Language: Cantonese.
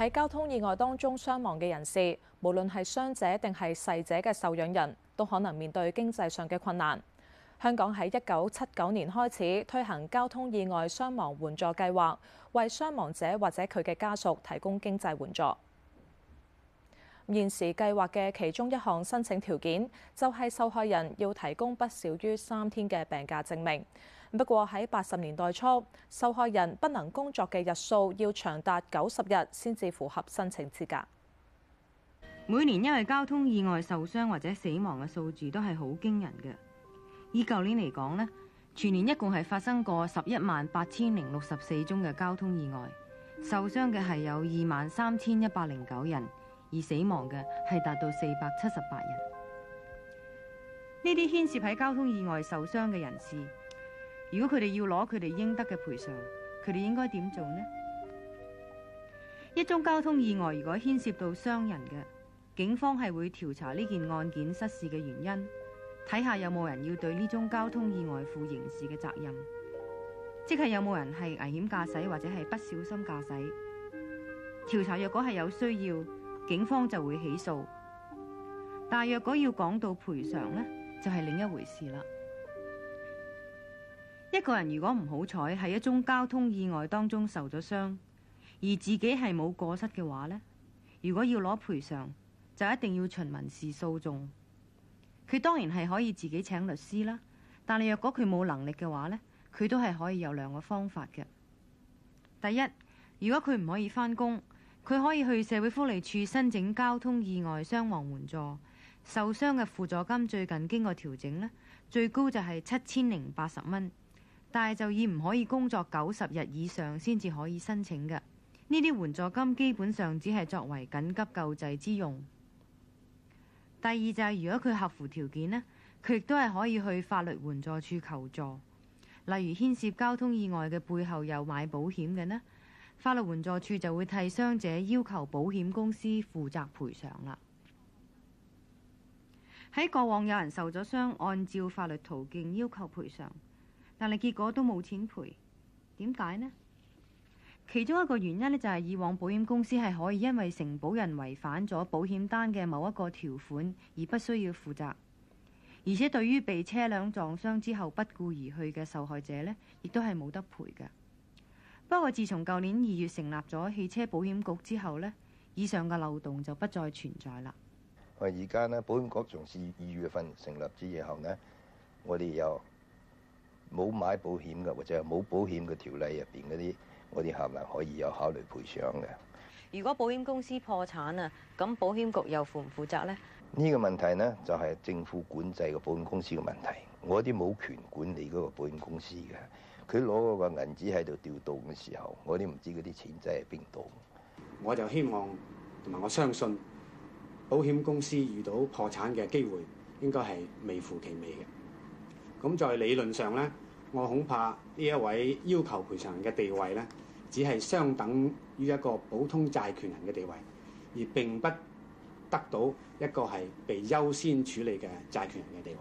喺交通意外當中傷亡嘅人士，無論係傷者定係逝者嘅受養人，都可能面對經濟上嘅困難。香港喺一九七九年開始推行交通意外傷亡援助計劃，為傷亡者或者佢嘅家屬提供經濟援助。現時計劃嘅其中一項申請條件就係、是、受害人要提供不少於三天嘅病假證明。不過喺八十年代初，受害人不能工作嘅日數要長達九十日先至符合申請資格。每年因為交通意外受傷或者死亡嘅數字都係好驚人嘅。以舊年嚟講呢，全年一共係發生過十一萬八千零六十四宗嘅交通意外，受傷嘅係有二萬三千一百零九人。而死亡嘅係達到四百七十八人。呢啲牽涉喺交通意外受傷嘅人士，如果佢哋要攞佢哋應得嘅賠償，佢哋應該點做呢？一宗交通意外如果牽涉到傷人嘅，警方係會調查呢件案件失事嘅原因，睇下有冇人要對呢宗交通意外負刑事嘅責任，即係有冇人係危險駕駛或者係不小心駕駛。調查若果係有需要。警方就會起訴，但若果要講到賠償呢，就係另一回事啦。一個人如果唔好彩係一宗交通意外當中受咗傷，而自己係冇過失嘅話呢，如果要攞賠償，就一定要循民事訴訟。佢當然係可以自己請律師啦，但係若果佢冇能力嘅話呢，佢都係可以有兩個方法嘅。第一，如果佢唔可以翻工。佢可以去社會福利署申請交通意外傷亡援助，受傷嘅輔助金最近經過調整咧，最高就係七千零八十蚊，但係就以唔可以工作九十日以上先至可以申請嘅。呢啲援助金基本上只係作為緊急救濟之用。第二就係、是、如果佢合乎條件咧，佢亦都係可以去法律援助署求助，例如牽涉交通意外嘅背後有買保險嘅呢。法律援助處就會替傷者要求保險公司負責賠償啦。喺過往有人受咗傷，按照法律途徑要求賠償，但係結果都冇錢賠，點解呢？其中一個原因呢，就係以往保險公司係可以因為承保人違反咗保險單嘅某一個條款而不需要負責，而且對於被車輛撞傷之後不顧而去嘅受害者呢，亦都係冇得賠㗎。不過自從舊年二月成立咗汽車保險局之後咧，以上嘅漏洞就不再存在啦。而家咧，保險局從二月份成立之後呢，我哋又冇買保險嘅，或者係冇保險嘅條例入邊嗰啲，我哋係咪可以有考慮賠償嘅？如果保險公司破產啊，咁保險局又負唔負責咧？呢個問題呢，就係政府管制嘅保險公司嘅問題，我哋冇權管理嗰個保險公司嘅。佢攞嗰個銀紙喺度調動嘅時候，我哋唔知嗰啲錢仔喺邊度。我就希望同埋我相信，保險公司遇到破產嘅機會應該係微乎其微嘅。咁在理論上咧，我恐怕呢一位要求賠償人嘅地位咧，只係相等於一個普通債權人嘅地位，而並不得到一個係被優先處理嘅債權人嘅地位。